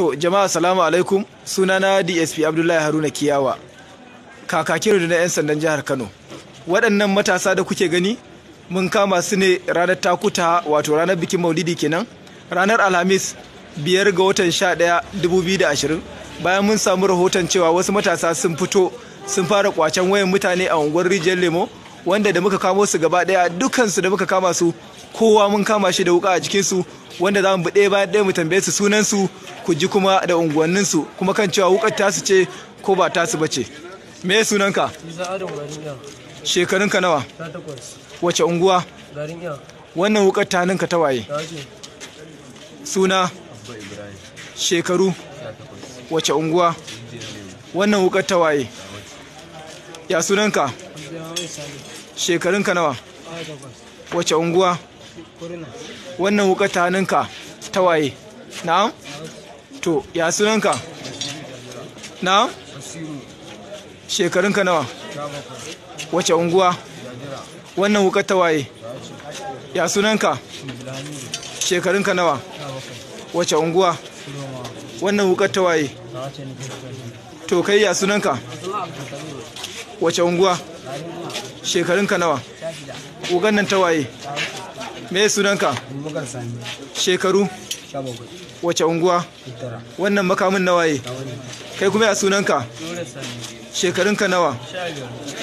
To jama'a salamu alaikum sunana DSP Abdullahi Haruna Kiyawa kakakin na 'yan sandan jihar Kano. Waɗannan matasa da kuke gani mun kama su ne ranar takuta wato ranar bikin maulidi kenan ranar alhamis biyar ga watan sha ɗaya dubu biyu da ashirin bayan mun samu rahoton cewa wasu matasa sun fito sun fara kwacen wayan mutane a unguwar rijiyar lemo wanda da muka kamo su gaba daya dukansu da muka kama su kowa mun kama shi da wuka a jikinsu wanda za mu bi ɗaya bayan ɗaya mu tambaye su sunansu ku ji kuma da unguwanninsu kuma kan cewa wukar tasu ce ko ba tasu ba ce me sunanka shekarunka nawa wace unguwa wannan wukar ta ninka ta waye suna shekaru wace unguwa wannan wukar ta waye ya sunanka shekarun ka nawa wace unguwa wannan wuka ta hannunka ta waye na'am to ya sunanka na'am shekarun ka nawa wace unguwa wannan hukar ta waye ya sunanka shekarun ka nawa wace unguwa wannan wukar ta waye to kai ya sunanka wace unguwa shekarunka nawa wukar nan ta waye me sunanka shekaru wace unguwa wannan makamin na waye kai kuma ya sunanka shekarunka nawa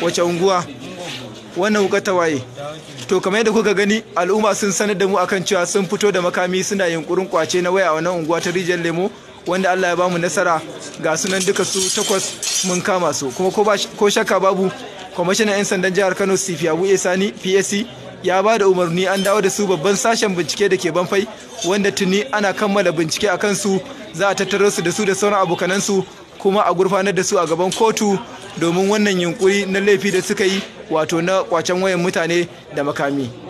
wace unguwa wannan wuka ta waye to kamar yadda kuka gani al'umma sun sanar da mu akan cewa sun fito da makami suna yunkurin kwace na waya a wannan unguwa ta rijiyar lemo wanda Allah ya ba mu nasara ga sunan duka su takwas mun kama su kuma ko shakka babu kwamishinan 'yan sandan jihar Kano Sifi Abu sani PSC ya ba da umarni an dawo da su babban sashen bincike da ke banfai wanda tuni ana kammala bincike a kansu za a tattaro su da su da sauran abokanansu kuma a gurfanar da su a gaban kotu domin wannan yunkuri na laifi da suka yi wato na kwacen wayan mutane da makami